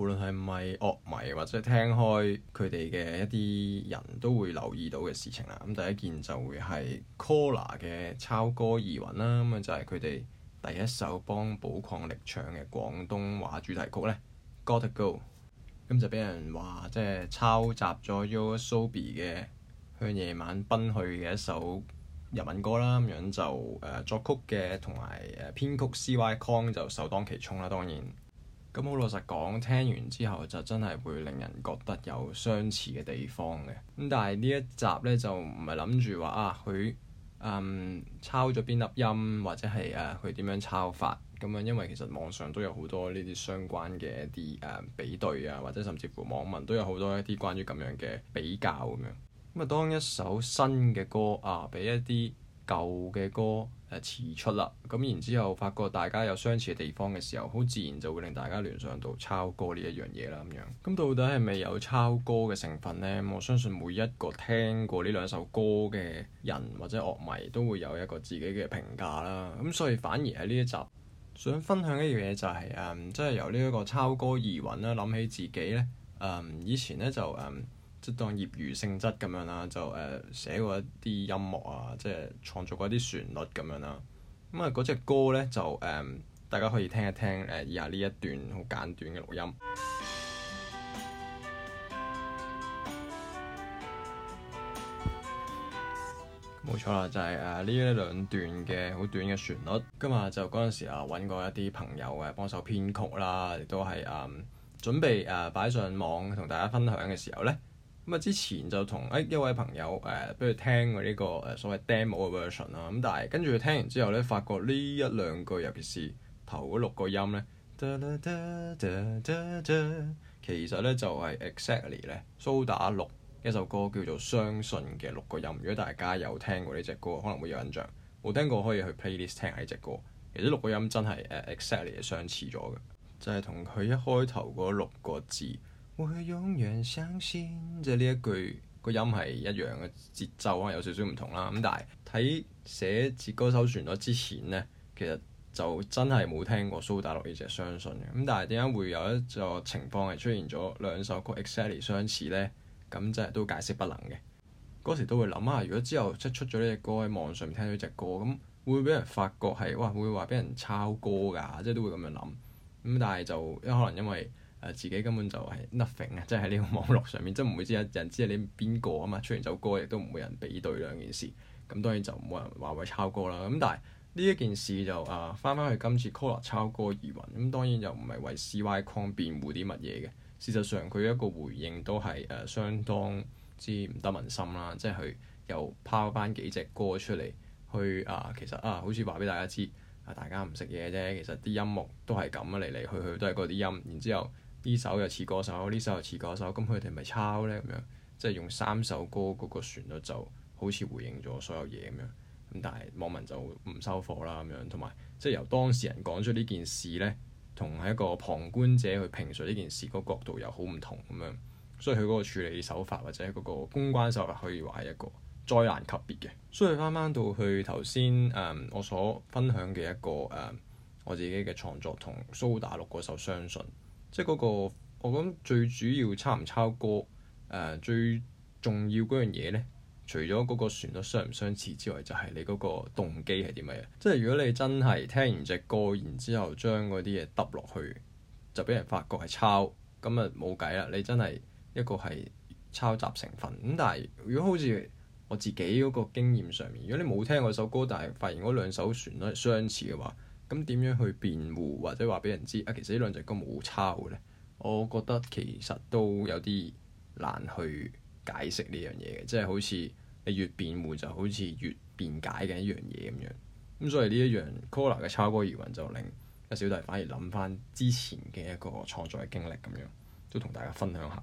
無論係咪樂迷或者聽開佢哋嘅一啲人都會留意到嘅事情啦，咁第一件就會係 COLLAR 嘅抄歌疑雲啦，咁啊就係佢哋第一首幫寶礦力唱嘅廣東話主題曲呢，《Gotta Go》，咁就俾人話即係抄襲咗 YOASOBI 嘅向夜晚奔去嘅一首日文歌啦，咁樣就誒、呃、作曲嘅同埋誒編曲 CY Kong 就首當其衝啦，當然。咁好，老實講，聽完之後就真係會令人覺得有相似嘅地方嘅。咁但係呢一集呢，就唔係諗住話啊，佢、嗯、抄咗邊粒音或者係啊佢點樣抄法咁樣，因為其實網上都有好多呢啲相關嘅一啲誒、啊、比對啊，或者甚至乎網民都有好多一啲關於咁樣嘅比較咁樣。咁啊，當一首新嘅歌啊，俾一啲舊嘅歌誒詞出啦，咁然之後發覺大家有相似嘅地方嘅時候，好自然就會令大家聯想到抄歌呢一樣嘢啦咁樣。咁到底係咪有抄歌嘅成分呢？我相信每一個聽過呢兩首歌嘅人或者樂迷都會有一個自己嘅評價啦。咁所以反而喺呢一集想分享一樣嘢就係、是、誒，即、嗯、係、就是、由呢一個抄歌疑雲啦，諗起自己呢。誒、嗯、以前呢就，就、嗯、誒。即當業餘性質咁樣啦，就誒、呃、寫過一啲音樂啊，即係創作過一啲旋律咁樣啦。咁啊，嗰隻歌咧就誒、呃，大家可以聽一聽誒、呃、以下呢一段好簡短嘅錄音。冇 錯啦，就係誒呢一兩段嘅好短嘅旋律。今日就嗰陣時啊，揾過一啲朋友嘅幫手編曲啦，亦都係誒準備誒擺、呃、上網同大家分享嘅時候咧。咁啊，之前就同誒一位朋友誒，不、呃、如聽過呢個誒所謂 demo 嘅 version 啦。咁但係跟住佢聽完之後咧，發覺呢一兩句尤其是頭嗰六個音咧，音樂其實咧就係、是、exactly 咧蘇打綠一首歌叫做《相信》嘅六個音。如果大家有聽過呢隻歌，可能會有印象。冇聽過可以去 playlist 聽下呢隻歌。其實呢六個音真係誒 exactly 相似咗嘅，就係同佢一開頭嗰六個字。我會永遠相信，即係呢一句個音係一樣嘅節奏啊，可能有少少唔同啦。咁但係睇寫詞歌手選咗之前呢，其實就真係冇聽過蘇打綠，呢只相信嘅。咁但係點解會有一個情況係出現咗兩首歌 exactly 相似呢？咁即係都解釋不能嘅。嗰時都會諗啊，如果之後即係出咗呢隻歌喺網上面聽到隻歌，咁會唔會俾人發覺係哇？會唔會話俾人抄歌噶？即係都會咁樣諗。咁但係就因可能因為。自己根本就係 nothing 啊，即係喺呢個網絡上面，即係唔會知一人知你邊個啊嘛，出完首歌亦都唔會人比對兩件事，咁當然就冇人話為抄歌啦。咁但係呢一件事就誒翻翻去今次 COLLAR 抄歌疑雲，咁當然又唔係為 CY Kong 辯護啲乜嘢嘅，事實上佢一個回應都係誒、啊、相當之唔得民心啦，即係佢又拋翻幾隻歌出嚟，去啊其實啊好似話俾大家知啊，大家唔識嘢啫，其實啲、啊啊、音樂都係咁啊，嚟嚟去去都係嗰啲音，然之後。呢首又似嗰首，呢首又似嗰首，咁佢哋咪抄呢？咁樣，即係用三首歌嗰個旋律就好似回應咗所有嘢咁樣。咁但係網民就唔收貨啦咁樣，同埋即係由當事人講出呢件事呢，同係一個旁觀者去評述呢件事個角度又好唔同咁樣，所以佢嗰個處理手法或者嗰個公關手法可以話係一個災難級別嘅。所以翻翻到去頭先，誒、嗯、我所分享嘅一個誒、嗯、我自己嘅創作，同蘇打綠嗰首《相信》。即係嗰、那個，我諗最主要抄唔抄歌，誒、呃、最重要嗰樣嘢咧，除咗嗰個旋律相唔相似之外，就係、是、你嗰個動機係點樣。即係如果你真係聽完隻歌，然之後將嗰啲嘢揼落去，就俾人發覺係抄，咁啊冇計啦！你真係一個係抄襲成分。咁但係如果好似我自己嗰個經驗上面，如果你冇聽過首歌，但係發現嗰兩首旋律係相似嘅話，咁點樣去辯護或者話畀人知啊？其實兩呢兩隻歌冇抄嘅咧，我覺得其實都有啲難去解釋呢樣嘢嘅，即係好似你越辯護就好似越辯解嘅一,一樣嘢咁樣。咁所以呢一樣 COLLAR 嘅抄歌疑雲就令阿小弟反而諗翻之前嘅一個創作嘅經歷咁樣，都同大家分享下。